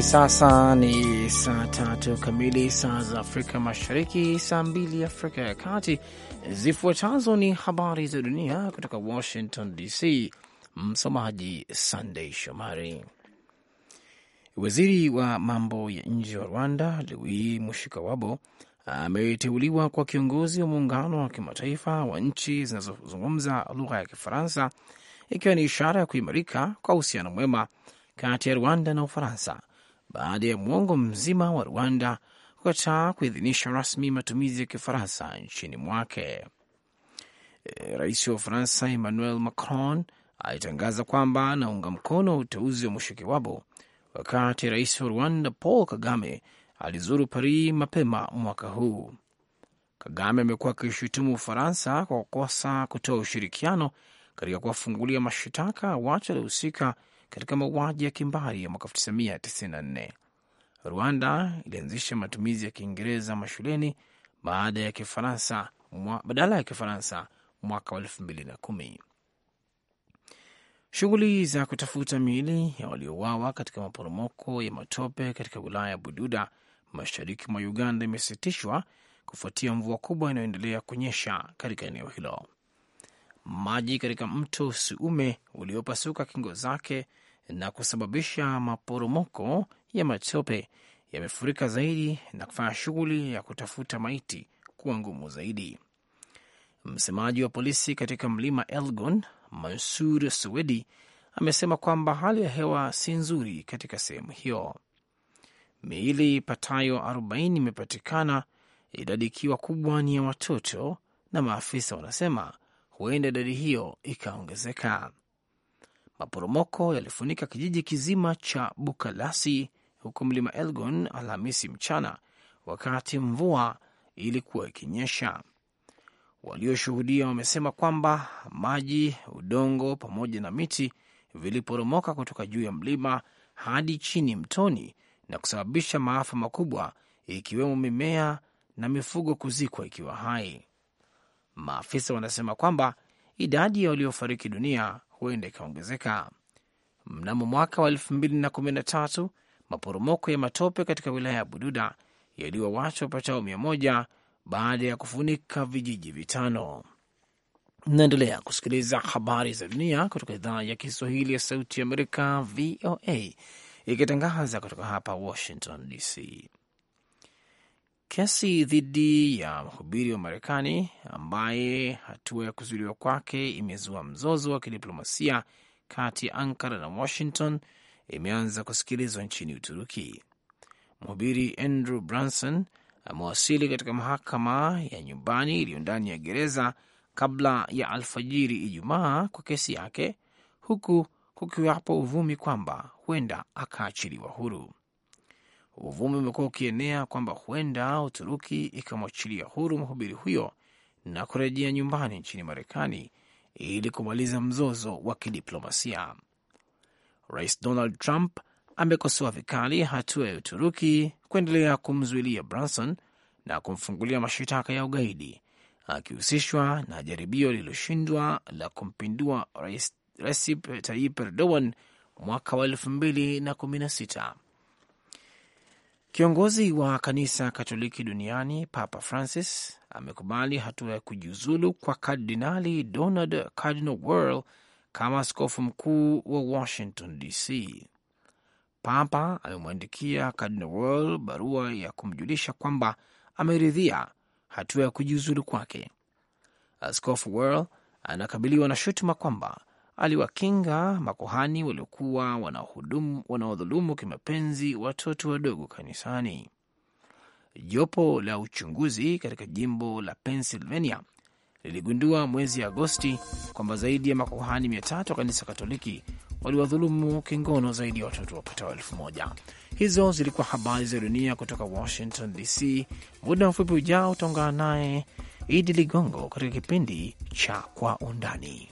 Hivi sasa ni saa tatu kamili saa za Afrika Mashariki, saa mbili Afrika ya Kati. Zifuatazo ni habari za dunia kutoka Washington DC. Msomaji Sandei Shomari. Waziri wa mambo ya nje wa Rwanda Louis Mushikawabo ameteuliwa kwa kiongozi wa muungano wa kimataifa wa nchi zinazozungumza lugha ya Kifaransa, ikiwa ni ishara ya kuimarika kwa uhusiano mwema kati ya Rwanda na Ufaransa baada ya mwongo mzima wa Rwanda kukataa kuidhinisha rasmi matumizi ya Kifaransa nchini mwake. E, rais wa Ufaransa Emmanuel Macron alitangaza kwamba anaunga mkono uteuzi wa Mushikiwabo wakati rais wa Rwanda Paul Kagame alizuru Paris mapema mwaka huu. Kagame amekuwa akishutumu Ufaransa kwa kukosa kutoa ushirikiano katika kuwafungulia mashtaka watu waliohusika katika mauaji ya kimbari ya mwaka 1994. Rwanda ilianzisha matumizi ya Kiingereza mashuleni baada ya Kifaransa badala ya Kifaransa mwaka wa kumi. Shughuli za kutafuta miili ya waliouawa katika maporomoko ya matope katika wilaya ya Bududa mashariki mwa Uganda imesitishwa kufuatia mvua kubwa inayoendelea kunyesha katika eneo hilo. Maji katika mto Suume uliopasuka kingo zake na kusababisha maporomoko ya matope yamefurika zaidi na kufanya shughuli ya kutafuta maiti kuwa ngumu zaidi. Msemaji wa polisi katika mlima Elgon, Mansur swedi amesema kwamba hali ya hewa si nzuri katika sehemu hiyo. Miili patayo 40 imepatikana, idadi ikiwa kubwa ni ya watoto, na maafisa wanasema huenda idadi hiyo ikaongezeka. Maporomoko yalifunika kijiji kizima cha Bukalasi huko mlima Elgon Alhamisi mchana, wakati mvua ilikuwa ikinyesha. Walioshuhudia wamesema kwamba maji, udongo pamoja na miti viliporomoka kutoka juu ya mlima hadi chini mtoni na kusababisha maafa makubwa, ikiwemo mimea na mifugo kuzikwa ikiwa hai. Maafisa wanasema kwamba idadi ya waliofariki dunia huenda ikaongezeka. Mnamo mwaka wa elfu mbili na kumi na tatu maporomoko ya matope katika wilaya ya Bududa yaliwa watu wapatao mia moja baada ya kufunika vijiji vitano. naendelea kusikiliza habari za dunia kutoka idhaa ya Kiswahili ya Sauti ya Amerika, VOA, ikitangaza kutoka hapa Washington DC. Kesi dhidi ya mhubiri wa Marekani ambaye hatua ya kuzuiliwa kwake imezua mzozo wa kidiplomasia kati ya Ankara na Washington imeanza kusikilizwa nchini Uturuki. Mhubiri Andrew Branson amewasili katika mahakama ya nyumbani iliyo ndani ya gereza kabla ya alfajiri Ijumaa kwa kesi yake, huku kukiwapo uvumi kwamba huenda akaachiliwa huru uvumi umekuwa ukienea kwamba huenda Uturuki ikamwachilia huru mhubiri huyo na kurejea nyumbani nchini Marekani ili kumaliza mzozo wa kidiplomasia. Rais Donald Trump amekosoa vikali hatua ya Uturuki kuendelea kumzuilia Branson na kumfungulia mashitaka ya ugaidi akihusishwa na jaribio lililoshindwa la kumpindua Rais Recep Tayyip Erdogan mwaka wa elfu mbili na kumi na sita. Kiongozi wa kanisa Katoliki duniani Papa Francis amekubali hatua ya kujiuzulu kwa Kardinali Donald Cardinal Worl kama askofu mkuu wa Washington DC. Papa amemwandikia Cardinal Worl barua ya kumjulisha kwamba ameridhia hatua ya kujiuzulu kwake. Askofu Worl anakabiliwa na shutuma kwamba aliwakinga makuhani waliokuwa wanaodhulumu kimapenzi watoto wadogo kanisani. Jopo la uchunguzi katika jimbo la Pennsylvania liligundua mwezi Agosti kwamba zaidi ya makuhani mia tatu wa kanisa Katoliki waliwadhulumu kingono zaidi ya watoto wapatao elfu moja. Hizo zilikuwa habari za dunia kutoka Washington DC. Muda mfupi ujao utaungana naye Idi Ligongo katika kipindi cha Kwa Undani.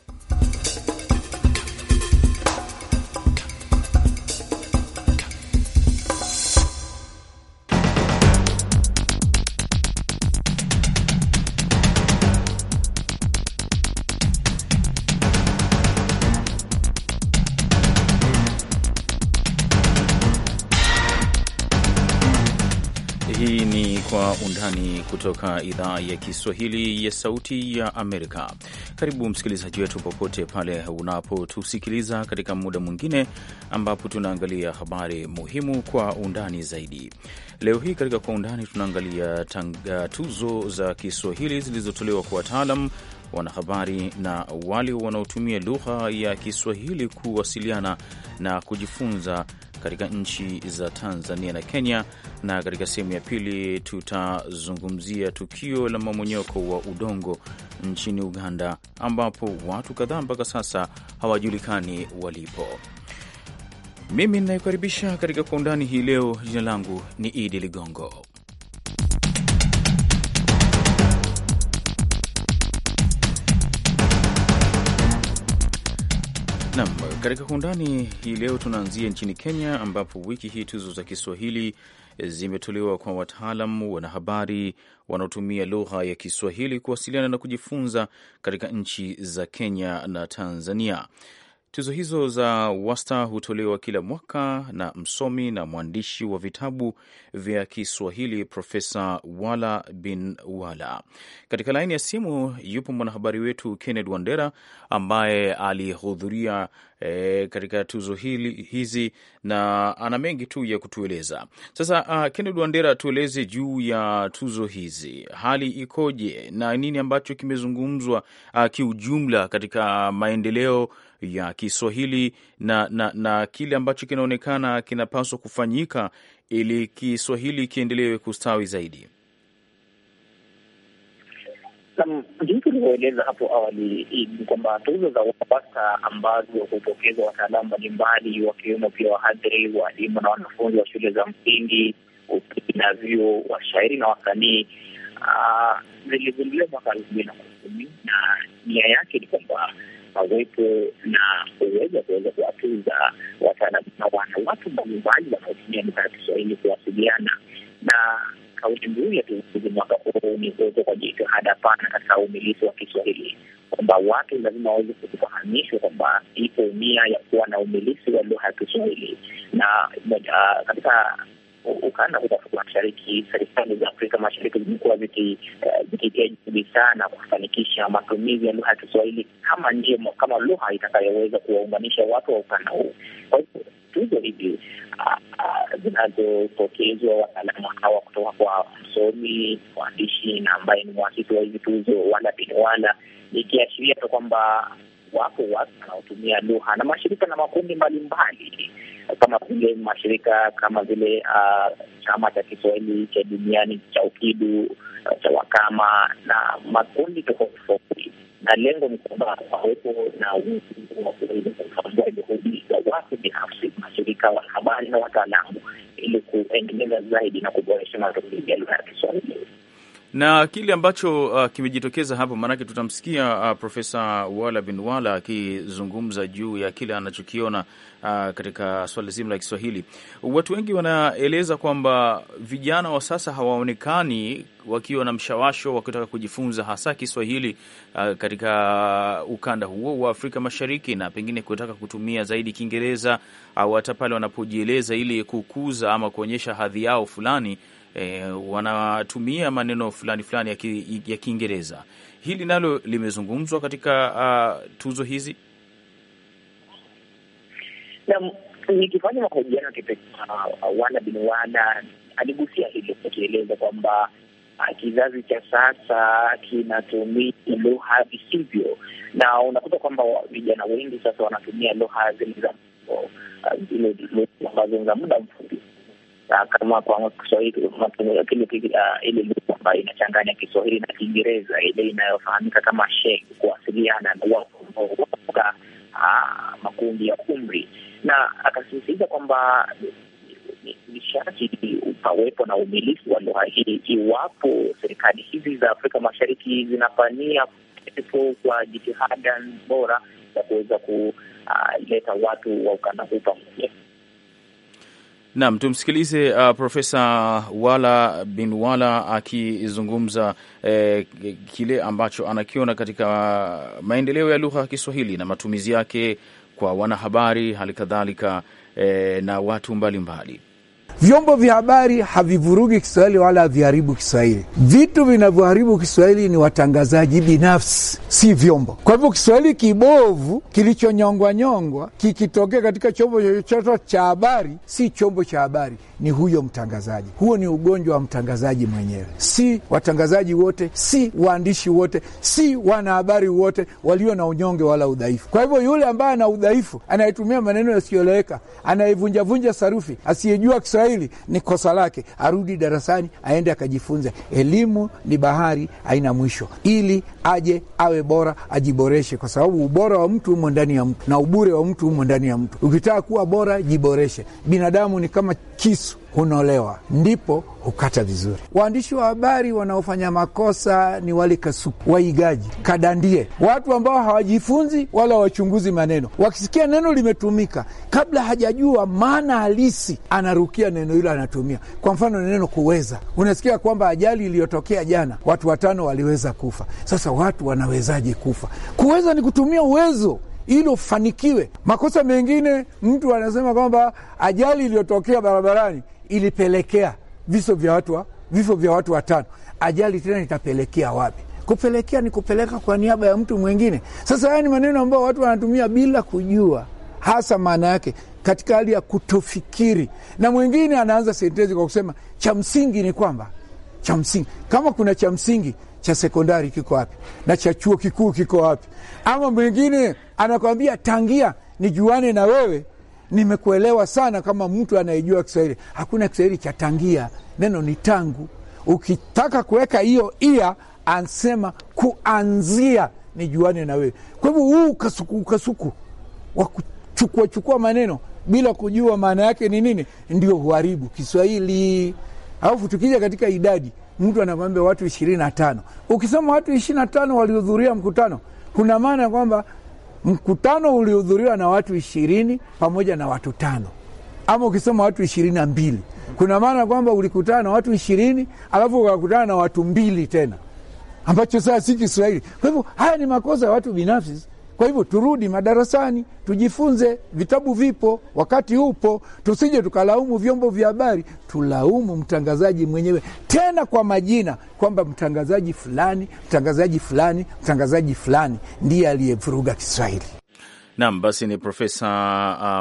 Marekani kutoka idhaa ya Kiswahili ya Sauti ya Amerika. Karibu msikilizaji wetu popote pale unapotusikiliza katika muda mwingine ambapo tunaangalia habari muhimu kwa undani zaidi. Leo hii katika Kwa Undani tunaangalia tuzo za Kiswahili zilizotolewa kwa wataalam wanahabari na wale wanaotumia lugha ya Kiswahili kuwasiliana na kujifunza katika nchi za Tanzania na Kenya, na katika sehemu ya pili tutazungumzia tukio la mamonyoko wa udongo nchini Uganda, ambapo watu kadhaa mpaka sasa hawajulikani walipo. Mimi ninayekaribisha katika Kwa Undani hii leo, jina langu ni Idi Ligongo. Nam, katika kwa undani hii leo tunaanzia nchini Kenya, ambapo wiki hii tuzo za Kiswahili eh, zimetolewa kwa wataalam, wanahabari wanaotumia lugha ya Kiswahili kuwasiliana na kujifunza katika nchi za Kenya na Tanzania. Tuzo hizo za wasta hutolewa kila mwaka na msomi na mwandishi wa vitabu vya Kiswahili Profesa Wala bin Wala. Katika laini ya simu yupo mwanahabari wetu Kenneth Wandera ambaye alihudhuria e, katika tuzo hili, hizi na ana mengi tu ya kutueleza. Sasa uh, Kenneth Wandera, tueleze juu ya tuzo hizi, hali ikoje na nini ambacho kimezungumzwa uh, kiujumla katika maendeleo ya Kiswahili na, na, na kile ambacho kinaonekana kinapaswa kufanyika ili Kiswahili kiendelewe kustawi zaidi? Jinsi ulivyoeleza hapo awali ni kwamba tuzo za Wapata ambazo hupokezwa wataalamu mbalimbali wakiwemo pia wahadhiri, waalimu na wanafunzi wa shule za msingi, upili na vyuo, washairi na wasanii zilizinduliwa mwaka elfu mbili na kumi na nia yake ni kwamba pawepo na uwezo wa kuweza kuwatunza wataalamu hawa na watu mbalimbali wanaotumia lugha ya Kiswahili kuwasiliana. Na kauli mbiu ya tuuzi mwaka huu ni uwezo kwa jitihada pana katika umilisi wa Kiswahili, kwamba watu lazima waweze kufahamishwa kwamba ipo nia ya kuwa na umilisi wa lugha ya Kiswahili na uh, katika ukanda huu Afrika Mashariki, serikali za Afrika Mashariki zimekuwa eh, zikijitahidi sana kufanikisha matumizi ya lugha ya Kiswahili kama ndio kama lugha itakayoweza kuwaunganisha watu wa ukanda huu. Kwa hivyo tuzo hivi ah, ah, zinazopokezwa wataalamu hawa kutoka kwa msomi, mwandishi na ambaye ni mwasisi wa hizi tuzo wala bin wala, ikiashiria tu kwamba wapo watu wanaotumia lugha na mashirika na makundi mbalimbali kama vile mashirika kama vile uh, chama cha Kiswahili cha duniani cha UKIDU uh, cha Wakama na makundi tofauti tofauti, na lengo ni kwamba wawepo na uwezo juhudi za watu binafsi, mashirika, wanahabari na wataalamu ili kuendeleza zaidi na kuboresha matumizi ya lugha ya Kiswahili na kile ambacho uh, kimejitokeza hapo, maanake tutamsikia uh, Profesa Wala bin Wala akizungumza juu ya kile anachokiona uh, katika swala zima la Kiswahili. Watu wengi wanaeleza kwamba vijana wa sasa hawaonekani wakiwa na mshawasho wakitaka kujifunza hasa Kiswahili uh, katika ukanda huo wa Afrika Mashariki na pengine kutaka kutumia zaidi Kiingereza au uh, hata pale wanapojieleza ili kukuza ama kuonyesha hadhi yao fulani e, wanatumia maneno fulani fulani ya Kiingereza. Hili nalo limezungumzwa katika uh, tuzo hizi na nikifanya mahojiano uh, wana bin wana aligusia hilo akieleza kwamba kizazi cha sasa kinatumia lugha visivyo, na unakuta kwamba vijana wengi sasa wanatumia lugha zile za ambazo za muda mfupi kama kwa Kiswahili kile ah, ile lugha ambayo inachanganya Kiswahili na Kiingereza, ile inayofahamika kama sheng, kuwasiliana na watu kutoka ah, makundi ya umri, na akasisitiza kwamba ni sharti upawepo na umilifu wa lugha hii iwapo serikali hizi za Afrika Mashariki zinafanyia o kwa jitihada bora za kuweza kuleta ah, watu wa ukanda huu pamoja. Naam, tumsikilize uh, Profesa Wala bin Wala akizungumza eh, kile ambacho anakiona katika maendeleo ya lugha ya Kiswahili na matumizi yake kwa wanahabari, hali kadhalika eh, na watu mbalimbali mbali. Vyombo vya habari havivurugi Kiswahili wala haviharibu Kiswahili. Vitu vinavyoharibu Kiswahili ni watangazaji binafsi, si vyombo. Kwa hivyo Kiswahili kibovu kilichonyongwanyongwa kikitokea katika chombo chochote cha habari, si chombo cha habari, ni huyo mtangazaji. Huo ni ugonjwa wa mtangazaji mwenyewe, si watangazaji wote, si waandishi wote, si wanahabari wote walio na unyonge wala udhaifu. Kwa hivyo yule ambaye ana udhaifu, anayetumia maneno yasiyoeleweka, anayevunjavunja sarufi, asiyejua Kiswahili Kiswahili ni kosa lake, arudi darasani aende akajifunze. Elimu ni bahari haina mwisho, ili aje awe bora, ajiboreshe, kwa sababu ubora wa mtu umo ndani ya mtu na ubure wa mtu umo ndani ya mtu. Ukitaka kuwa bora, jiboreshe. Binadamu ni kama kisu unaolewa, ndipo hukata vizuri. Waandishi wa habari wanaofanya makosa ni wale kasuku, waigaji, kadandie, watu ambao hawajifunzi wala wachunguzi maneno. Wakisikia neno limetumika kabla hajajua maana halisi, anarukia neno hilo, anatumia. Kwa mfano, neno kuweza, unasikia kwamba ajali iliyotokea jana, watu watano waliweza kufa. Sasa watu wanawezaje kufa? Kuweza ni kutumia uwezo ili ufanikiwe. Makosa mengine, mtu anasema kwamba ajali iliyotokea barabarani ilipelekea vifo vya watu wa, vifo vya watu watano. Ajali tena itapelekea wapi? Kupelekea ni kupeleka kwa niaba ya mtu mwingine. Sasa haya ni maneno ambayo watu wanatumia bila kujua hasa maana yake, katika hali ya kutofikiri. Na mwingine anaanza sentensi kwa kusema cha msingi ni kwamba, cha msingi kama kuna cha msingi cha sekondari kiko wapi? Na cha chuo kikuu kiko wapi? Ama mwingine anakwambia tangia nijuane na wewe nimekuelewa sana kama mtu anayejua Kiswahili. Hakuna Kiswahili cha tangia, neno ni tangu. Ukitaka kuweka hiyo ia, ansema kuanzia nijuane na wewe. Kwa hivyo huu ukasuku, ukasuku wa kuchukuachukua maneno bila kujua maana yake ni nini, ndio huharibu Kiswahili. Alafu tukija katika idadi, mtu anakwambia watu ishirini na tano. Ukisema watu ishirini na tano walihudhuria mkutano, kuna maana ya kwamba Mkutano ulihudhuriwa na watu ishirini pamoja na watu tano, ama ukisema watu ishirini na mbili kuna maana kwamba ulikutana na watu ishirini alafu ukakutana na watu mbili tena, ambacho saa si Kiswahili. Kwa hivyo haya ni makosa ya watu binafsi. Kwa hivyo turudi madarasani, tujifunze, vitabu vipo, wakati upo, tusije tukalaumu vyombo vya habari, tulaumu mtangazaji mwenyewe, tena kwa majina, kwamba mtangazaji fulani, mtangazaji fulani, mtangazaji fulani ndiye aliyevuruga Kiswahili. Nam, basi ni Profesa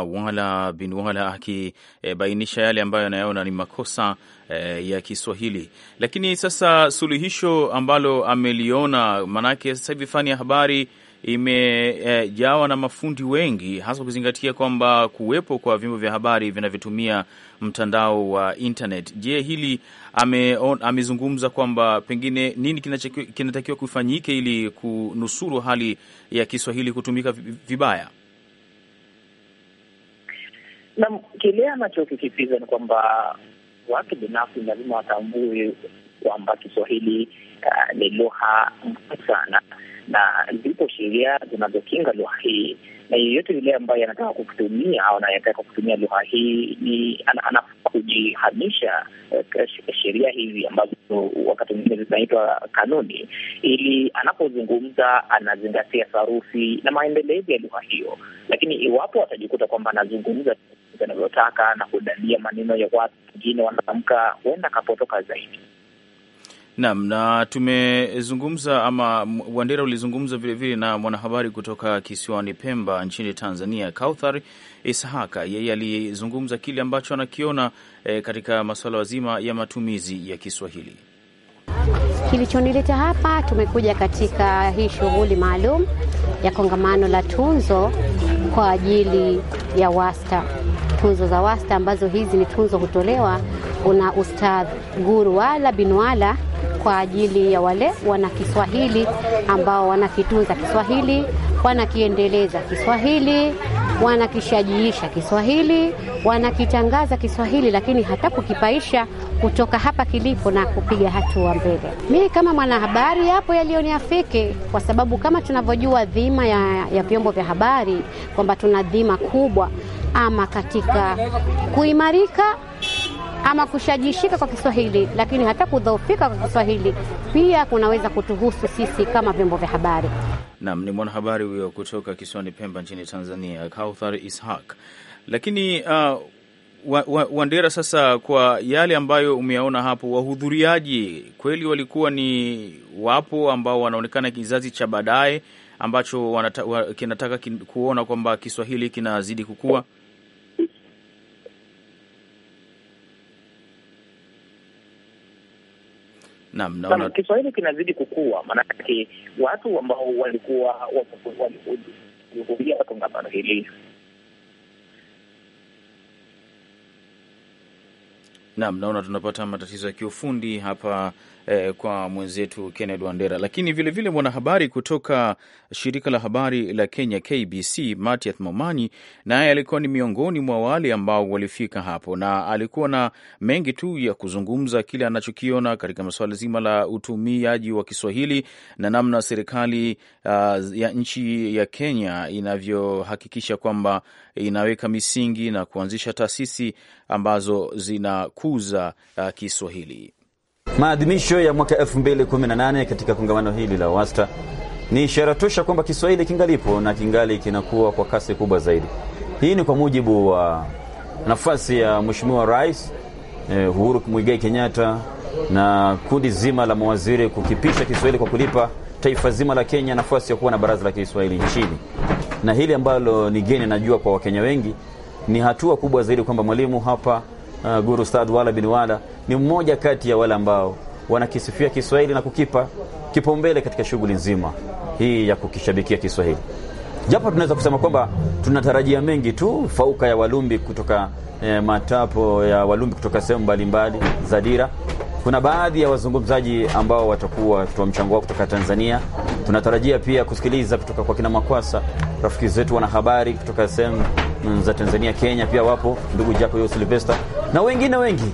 uh, Wala bin Wala akibainisha e, yale ambayo anayaona ni makosa e, ya Kiswahili. Lakini sasa suluhisho ambalo ameliona, maanake sasa hivi fani ya habari imejawa e, na mafundi wengi, hasa ukizingatia kwamba kuwepo kwa vyombo vya habari vinavyotumia mtandao wa internet. Je, hili amezungumza kwamba pengine nini kinatakiwa kufanyike ili kunusuru hali ya Kiswahili kutumika vibaya? nam kile anachokisisitiza ni kwamba watu binafsi lazima watambue kwamba Kiswahili uh, ni lugha mkuu sana na zipo sheria zinazokinga lugha hii, na yeyote yule ambaye anataka kukutumia au anayetaka kutumia lugha hii ni anakujihamisha kujihamisha eh, eh, sheria hizi ambazo wakati mwingine zinaitwa kanuni, ili anapozungumza anazingatia sarufi na maendelezi ya lugha hiyo. Lakini iwapo atajikuta kwamba anazungumza anavyotaka na kudalia maneno ya watu wengine wanatamka, huenda akapotoka zaidi. Naam, na tumezungumza ama Wandera ulizungumza vilevile na mwanahabari kutoka kisiwani Pemba nchini Tanzania, Kauthar Ishaka. Yeye alizungumza kile ambacho anakiona e, katika masuala mazima ya matumizi ya Kiswahili. Kilichonileta hapa, tumekuja katika hii shughuli maalum ya kongamano la tunzo kwa ajili ya wasta, tunzo za wasta ambazo hizi ni tunzo hutolewa una Ustadh Guru Wala Binwala kwa ajili ya wale wana Kiswahili ambao wanakitunza Kiswahili, wanakiendeleza Kiswahili, wanakishajiisha Kiswahili, wanakitangaza Kiswahili, lakini hata kukipaisha kutoka hapa kilipo na kupiga hatua mbele. Mimi kama mwanahabari, yapo yaliyoniafiki, kwa sababu kama tunavyojua dhima ya, ya vyombo vya habari kwamba tuna dhima kubwa ama katika kuimarika ama kushajishika kwa Kiswahili, lakini hata kudhoofika kwa Kiswahili pia kunaweza kutuhusu sisi kama vyombo vya habari. Nam ni mwanahabari huyo kutoka kisiwani Pemba nchini Tanzania, Kauthar Ishaq. Lakini uh, Wandera wa, wa sasa, kwa yale ambayo umeyaona hapo, wahudhuriaji kweli walikuwa ni wapo ambao wanaonekana kizazi cha baadaye ambacho wanata, wa, kinataka kin, kuona kwamba Kiswahili kinazidi kukua. Naam, naona Kiswahili kinazidi kukua, maanake watu ambao walikuwa walihudhuria kongamano hili Naam, naona tunapata matatizo ya kiufundi hapa eh, kwa mwenzetu kenned Wandera. Lakini vilevile mwanahabari kutoka shirika la habari la Kenya KBC Matiath Momani naye alikuwa ni miongoni mwa wale ambao walifika hapo, na alikuwa na mengi tu ya kuzungumza kile anachokiona katika masuala zima la utumiaji wa Kiswahili na namna serikali uh, ya nchi ya Kenya inavyohakikisha kwamba inaweka misingi na kuanzisha taasisi ambazo zinakuza uh, Kiswahili. Maadhimisho ya mwaka 2018 katika kongamano hili la WASTA ni ishara tosha kwamba Kiswahili kingalipo na kingali kinakuwa kwa kasi kubwa zaidi. Hii ni kwa mujibu wa nafasi ya Mheshimiwa Rais eh, Uhuru Muigai Kenyatta na kundi zima la mawaziri kukipisha Kiswahili kwa kulipa taifa zima la Kenya nafasi ya kuwa na baraza la Kiswahili nchini. Na hili ambalo ni geni, najua kwa Wakenya wengi, ni hatua kubwa zaidi kwamba mwalimu hapa uh, Guru Ustadh Wala bin Wala ni mmoja kati ya wale ambao wanakisifia Kiswahili na kukipa kipaumbele katika shughuli nzima hii ya kukishabikia Kiswahili, japo tunaweza kusema kwamba tunatarajia mengi tu fauka ya Walumbi kutoka eh, matapo ya Walumbi kutoka sehemu mbalimbali za dira. Kuna baadhi ya wazungumzaji ambao watakuwa kutoa mchango wao kutoka Tanzania. Tunatarajia pia kusikiliza kutoka kwa kina Makwasa, rafiki zetu wanahabari kutoka sehemu Mm, za Tanzania, Kenya pia wapo ndugu Jaco Yo na wengine wengi.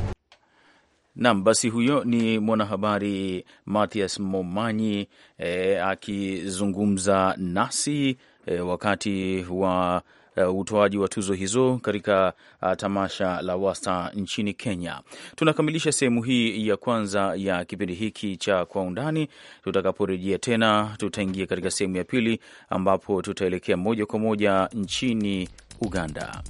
Naam, basi huyo ni mwanahabari Mathias Momanyi e, akizungumza nasi e, wakati wa Uh, utoaji wa tuzo hizo katika uh, tamasha la Wasta nchini Kenya. Tunakamilisha sehemu hii ya kwanza ya kipindi hiki cha Kwa Undani. Tutakaporejea tena, tutaingia katika sehemu ya pili ambapo tutaelekea moja kwa moja nchini Uganda.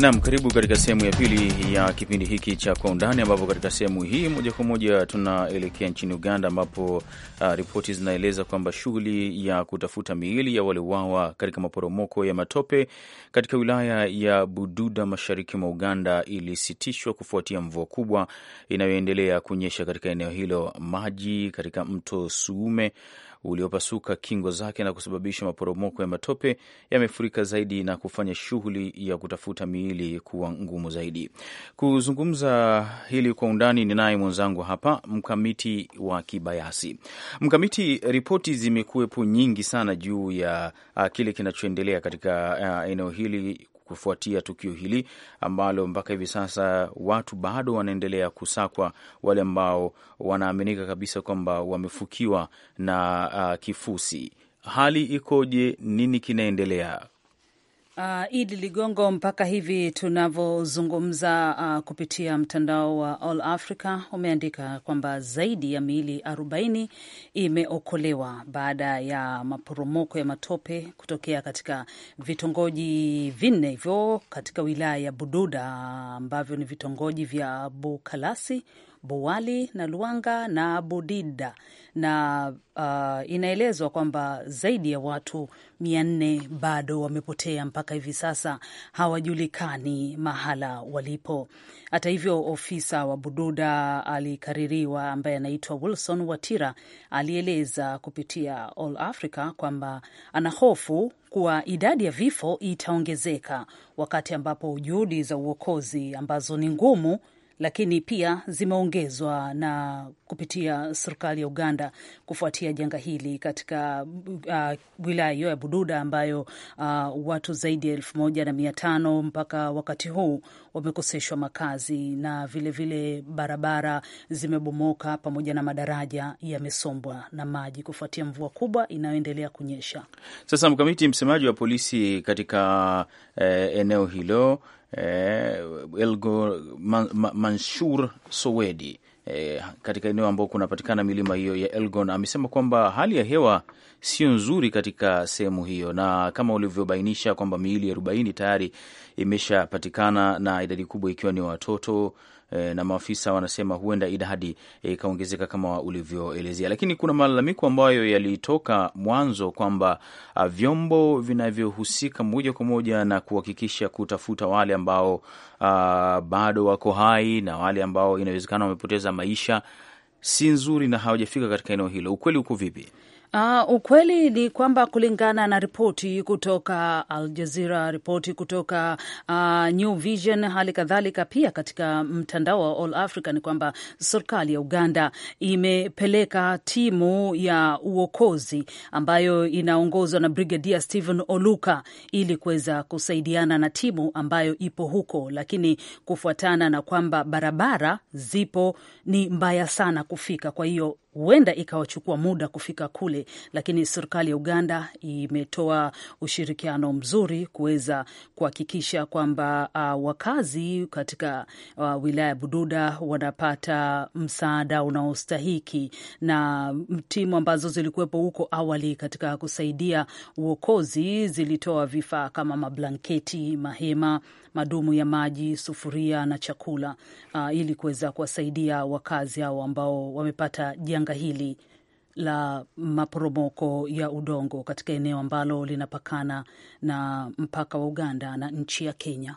Naam, karibu katika sehemu ya pili ya kipindi hiki cha Kwa Undani, ambapo katika sehemu hii moja kwa moja tunaelekea nchini Uganda, ambapo uh, ripoti zinaeleza kwamba shughuli ya kutafuta miili ya waliouawa katika maporomoko ya matope katika wilaya ya Bududa mashariki mwa Uganda ilisitishwa kufuatia mvua kubwa inayoendelea kunyesha katika eneo hilo. Maji katika mto Suume uliopasuka kingo zake na kusababisha maporomoko ya matope yamefurika zaidi na kufanya shughuli ya kutafuta miili kuwa ngumu zaidi. Kuzungumza hili kwa undani ni naye mwenzangu hapa Mkamiti wa Kibayasi. Mkamiti, ripoti zimekuwepo nyingi sana juu ya uh, kile kinachoendelea katika uh, eneo hili kufuatia tukio hili ambalo mpaka hivi sasa watu bado wanaendelea kusakwa, wale ambao wanaaminika kabisa kwamba wamefukiwa na uh, kifusi. Hali ikoje? Nini kinaendelea? Uh, Idi Ligongo, mpaka hivi tunavyozungumza, uh, kupitia mtandao wa All Africa umeandika kwamba zaidi ya miili 40 imeokolewa baada ya maporomoko ya matope kutokea katika vitongoji vinne hivyo katika wilaya ya Bududa ambavyo ni vitongoji vya Bukalasi Buwali na Luanga na budida na uh, inaelezwa kwamba zaidi ya watu mia nne bado wamepotea mpaka hivi sasa, hawajulikani mahala walipo. Hata hivyo, ofisa wa Bududa alikaririwa ambaye anaitwa Wilson Watira alieleza kupitia All Africa kwamba ana hofu kuwa idadi ya vifo itaongezeka wakati ambapo juhudi za uokozi ambazo ni ngumu lakini pia zimeongezwa na kupitia serikali ya Uganda kufuatia janga hili katika uh, wilaya hiyo ya Bududa ambayo uh, watu zaidi ya elfu moja na mia tano mpaka wakati huu wamekoseshwa makazi na vilevile vile barabara zimebomoka pamoja na madaraja yamesombwa na maji kufuatia mvua kubwa inayoendelea kunyesha. Sasa mkamiti, msemaji wa polisi katika eh, eneo hilo eh, Elgo man, man, Manshur Sowedi eh, katika eneo ambao kunapatikana milima hiyo ya Elgon amesema kwamba hali ya hewa sio nzuri katika sehemu hiyo, na kama ulivyobainisha kwamba miili arobaini tayari imeshapatikana na idadi kubwa ikiwa ni watoto Eh, na maafisa wanasema huenda idadi eh, ikaongezeka kama ulivyoelezea, lakini kuna malalamiko ambayo yalitoka mwanzo kwamba ah, vyombo vinavyohusika moja kwa moja na kuhakikisha kutafuta wale ambao a, ah, bado wako hai na wale ambao inawezekana wamepoteza maisha si nzuri na hawajafika katika eneo hilo. Ukweli uko vipi? Uh, ukweli ni kwamba kulingana na ripoti kutoka Al Jazeera, ripoti kutoka uh, New Vision, hali kadhalika pia katika mtandao wa All Africa ni kwamba serikali ya Uganda imepeleka timu ya uokozi ambayo inaongozwa na Brigadia Stephen Oluka ili kuweza kusaidiana na timu ambayo ipo huko, lakini kufuatana na kwamba barabara zipo ni mbaya sana kufika, kwa hiyo huenda ikawachukua muda kufika kule, lakini serikali ya Uganda imetoa ushirikiano mzuri kuweza kuhakikisha kwamba uh, wakazi katika uh, wilaya ya Bududa wanapata msaada unaostahiki, na timu ambazo zilikuwepo huko awali katika kusaidia uokozi zilitoa vifaa kama mablanketi, mahema madumu ya maji, sufuria na chakula uh, ili kuweza kuwasaidia wakazi hao ambao wamepata janga hili la maporomoko ya udongo katika eneo ambalo linapakana na mpaka wa Uganda na nchi ya Kenya.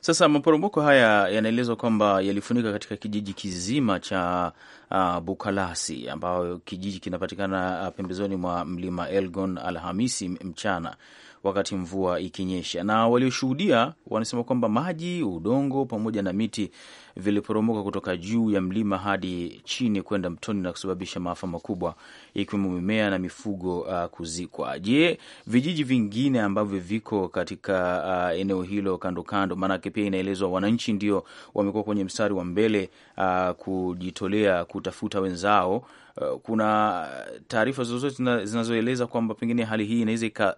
Sasa maporomoko haya yanaelezwa kwamba yalifunika katika kijiji kizima cha uh, Bukalasi ambayo kijiji kinapatikana uh, pembezoni mwa mlima Elgon Alhamisi mchana wakati mvua ikinyesha, na walioshuhudia wanasema kwamba maji, udongo pamoja na miti viliporomoka kutoka juu ya mlima hadi chini kwenda mtoni na kusababisha maafa makubwa ikiwemo mimea na mifugo uh, kuzikwa. Je, vijiji vingine ambavyo viko katika uh, eneo hilo kando kando, maanake pia inaelezwa wananchi ndio wamekuwa kwenye mstari wa mbele uh, kujitolea kutafuta wenzao uh, kuna taarifa zozote zinazoeleza kwamba pengine hali hii inaweza uh,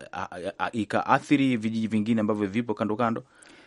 uh, ikaathiri ika vijiji vingine ambavyo vipo kando kando?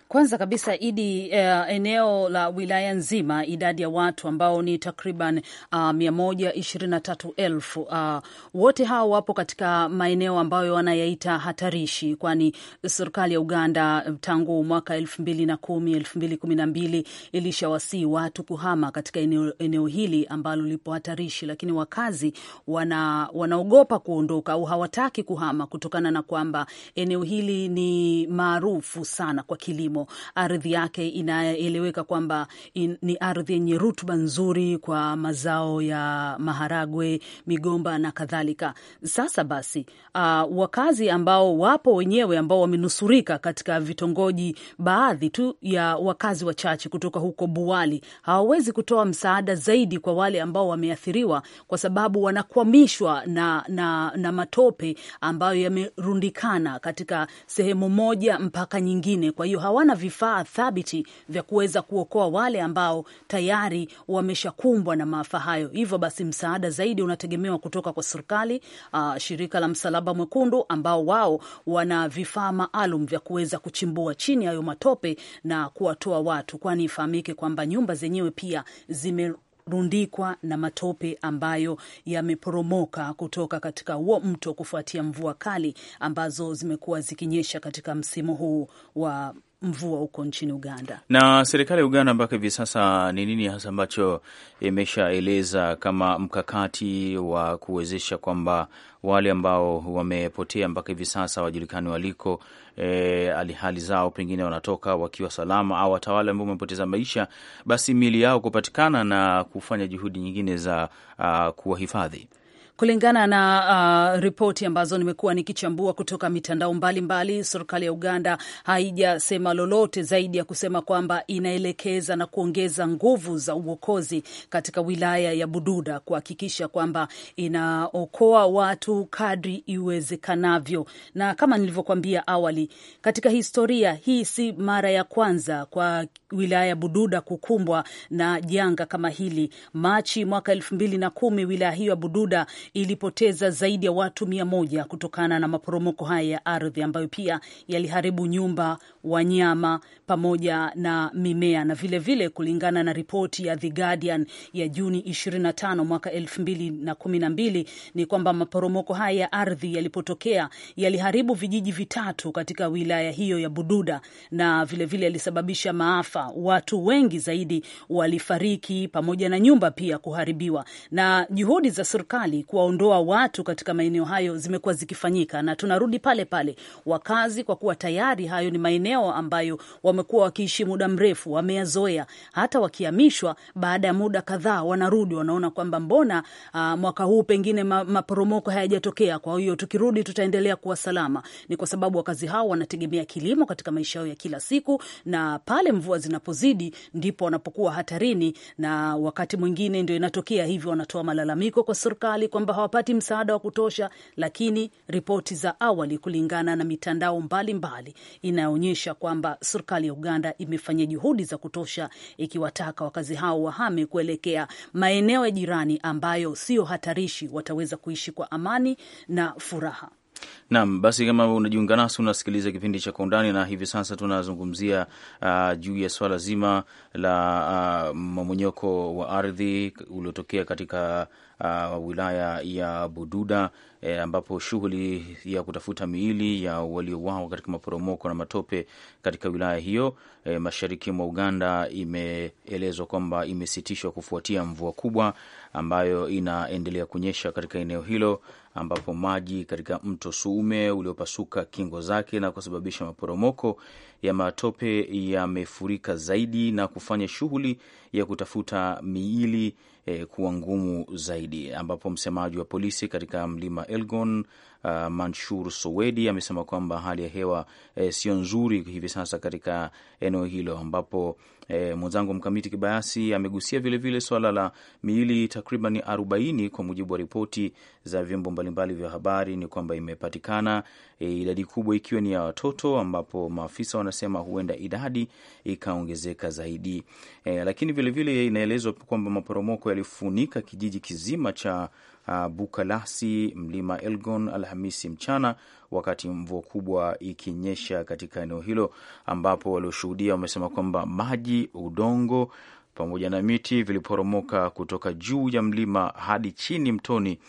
Kwanza kabisa Idi, uh, eneo la wilaya nzima idadi ya watu ambao ni takriban uh, mia moja ishirini na tatu elfu uh, wote hao wapo katika maeneo ambayo wanayaita hatarishi, kwani serikali ya Uganda eh, tangu mwaka elfu mbili na kumi elfu mbili kumi na mbili ilishawasii watu kuhama katika eneo, eneo hili ambalo lipo hatarishi, lakini wakazi wana, wanaogopa kuondoka au hawataki kuhama kutokana na kwamba eneo hili ni maarufu sana kwa kilimo humo, ardhi yake inaeleweka kwamba in, ni ardhi yenye rutuba nzuri kwa mazao ya maharagwe, migomba na kadhalika. Sasa basi, uh, wakazi ambao wapo wenyewe ambao wamenusurika katika vitongoji, baadhi tu ya wakazi wachache kutoka huko Buwali hawawezi kutoa msaada zaidi kwa wale ambao wameathiriwa, kwa sababu wanakwamishwa na, na, na matope ambayo yamerundikana katika sehemu moja mpaka nyingine, kwa hiyo hawana hawana vifaa thabiti vya kuweza kuokoa wale ambao tayari wameshakumbwa na maafa hayo. Hivyo basi msaada zaidi unategemewa kutoka kwa serikali, uh, shirika la Msalaba Mwekundu ambao wao wana vifaa maalum vya kuweza kuchimbua chini hayo matope na kuwatoa watu, kwani ifahamike kwamba nyumba zenyewe pia zime rundikwa na matope ambayo yameporomoka kutoka katika huo mto kufuatia mvua kali ambazo zimekuwa zikinyesha katika msimu huu wa mvua huko nchini Uganda. Na serikali ya Uganda mpaka hivi sasa ni nini hasa ambacho imeshaeleza kama mkakati wa kuwezesha kwamba wale ambao wamepotea mpaka hivi sasa wajulikani waliko, e, hali zao pengine wanatoka wakiwa salama, au watawala ambao wamepoteza maisha, basi miili yao kupatikana na kufanya juhudi nyingine za uh, kuwahifadhi. Kulingana na uh, ripoti ambazo nimekuwa nikichambua kutoka mitandao mbalimbali, serikali ya Uganda haijasema lolote zaidi ya kusema kwamba inaelekeza na kuongeza nguvu za uokozi katika wilaya ya Bududa kuhakikisha kwamba inaokoa watu kadri iwezekanavyo. Na kama nilivyokuambia awali, katika historia hii si mara ya kwanza kwa wilaya ya Bududa kukumbwa na janga kama hili. Machi mwaka elfu mbili na kumi wilaya hiyo ya Bududa ilipoteza zaidi ya watu mia moja kutokana na maporomoko haya ya ardhi ambayo pia yaliharibu nyumba, wanyama pamoja na mimea na vilevile vile, kulingana na ripoti ya The Guardian ya Juni 25 mwaka 2012 ni kwamba maporomoko haya ya ardhi yalipotokea yaliharibu vijiji vitatu katika wilaya hiyo ya Bududa na vilevile yalisababisha vile maafa. Watu wengi zaidi walifariki pamoja na nyumba pia kuharibiwa, na juhudi za serikali kuwaondoa watu katika maeneo hayo zimekuwa zikifanyika, na tunarudi pale pale, wakazi kwa kuwa tayari hayo ni maeneo ambayo wamekuwa wakiishi muda mrefu, wameyazoea. Hata wakihamishwa, baada ya muda kadhaa wanarudi, wanaona kwamba mbona aa, ah, mwaka huu pengine maporomoko hayajatokea, kwa hiyo tukirudi tutaendelea kuwa salama. Ni kwa sababu wakazi hao wanategemea kilimo katika maisha yao ya kila siku, na pale mvua zinapozidi ndipo wanapokuwa hatarini, na wakati mwingine ndio inatokea hivyo, wanatoa malalamiko kwa serikali kwamba kwamba hawapati msaada wa kutosha, lakini ripoti za awali kulingana na mitandao mbalimbali inaonyesha kwamba serikali ya Uganda imefanya juhudi za kutosha ikiwataka wakazi hao wahame kuelekea maeneo ya jirani ambayo sio hatarishi, wataweza kuishi kwa amani na furaha. Naam, basi kama unajiunga nasi unasikiliza kipindi cha Kwa Undani, na hivi sasa tunazungumzia uh, juu ya swala zima la uh, mamonyoko wa ardhi uliotokea katika uh, wilaya ya Bududa e, ambapo shughuli ya kutafuta miili ya waliouawa katika maporomoko na matope katika wilaya hiyo e, mashariki mwa Uganda imeelezwa kwamba imesitishwa kufuatia mvua kubwa ambayo inaendelea kunyesha katika eneo hilo ambapo maji katika mto Suume uliopasuka kingo zake na kusababisha maporomoko ya matope yamefurika zaidi na kufanya shughuli ya kutafuta miili Eh, kuwa ngumu zaidi, ambapo msemaji wa polisi katika mlima Elgon uh, Manshur Sowedi amesema kwamba hali ya hewa eh, sio nzuri hivi sasa katika eneo hilo, ambapo E, mwenzangu Mkamiti Kibayasi amegusia vilevile swala la miili takriban arobaini kwa mujibu wa ripoti za vyombo mbalimbali vya habari ni kwamba imepatikana, e, idadi kubwa ikiwa ni ya watoto, ambapo maafisa wanasema huenda idadi ikaongezeka zaidi E, lakini vilevile inaelezwa kwamba maporomoko yalifunika kijiji kizima cha Uh, Bukalasi, mlima Elgon Alhamisi mchana wakati mvua kubwa ikinyesha katika eneo hilo, ambapo walioshuhudia wamesema kwamba maji, udongo pamoja na miti viliporomoka kutoka juu ya mlima hadi chini mtoni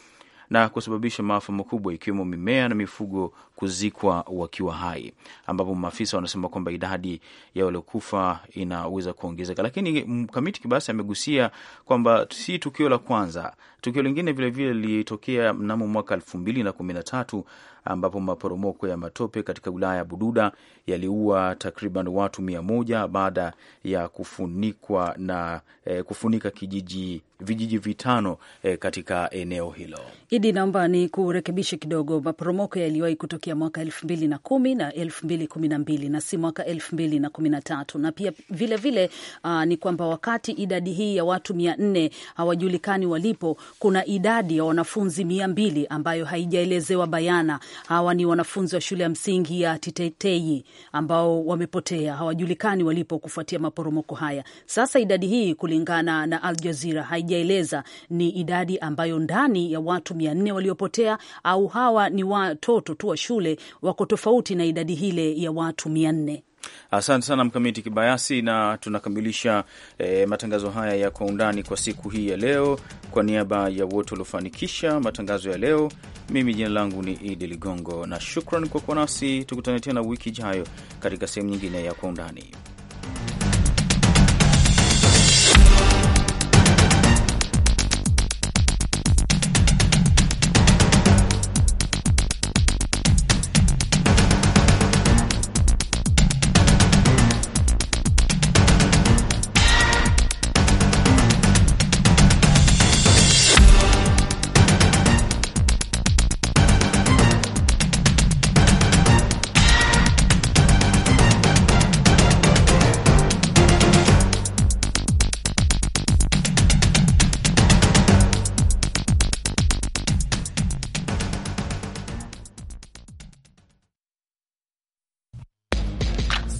na kusababisha maafa makubwa ikiwemo mimea na mifugo kuzikwa wakiwa hai, ambapo maafisa wanasema kwamba idadi ya waliokufa inaweza kuongezeka. Lakini Kamiti Kibasi amegusia kwamba si tukio la kwanza. Tukio lingine vilevile lilitokea mnamo mwaka elfu mbili na kumi na tatu ambapo maporomoko ya matope katika wilaya ya Bududa yaliua takriban watu mia moja baada ya kufunikwa na eh, kufunika kijiji vijiji vitano eh, katika eneo hilo. Idi, naomba ni kurekebishe kidogo. Maporomoko yaliwahi kutokea mwaka elfu mbili na kumi na elfu mbili kumi na mbili na si mwaka elfu mbili na kumi na tatu na pia vilevile vile, uh, ni kwamba wakati idadi hii ya watu mia nne hawajulikani walipo, kuna idadi ya wanafunzi mia mbili ambayo haijaelezewa bayana. Hawa ni wanafunzi wa shule ya msingi ya Titetei ambao wamepotea, hawajulikani walipo kufuatia maporomoko haya. Sasa idadi hii kulingana na Al Jazeera haijaeleza ni idadi ambayo ndani ya watu mia mia nne waliopotea au hawa ni watoto tu wa shule wako tofauti na idadi hile ya watu mia nne. Asante sana Mkamiti Kibayasi, na tunakamilisha eh, matangazo haya ya Kwa Undani kwa siku hii ya leo. Kwa niaba ya wote waliofanikisha matangazo ya leo, mimi jina langu ni Idi Ligongo na shukran kwa kuwa nasi. Tukutane tena wiki ijayo katika sehemu nyingine ya Kwa Undani.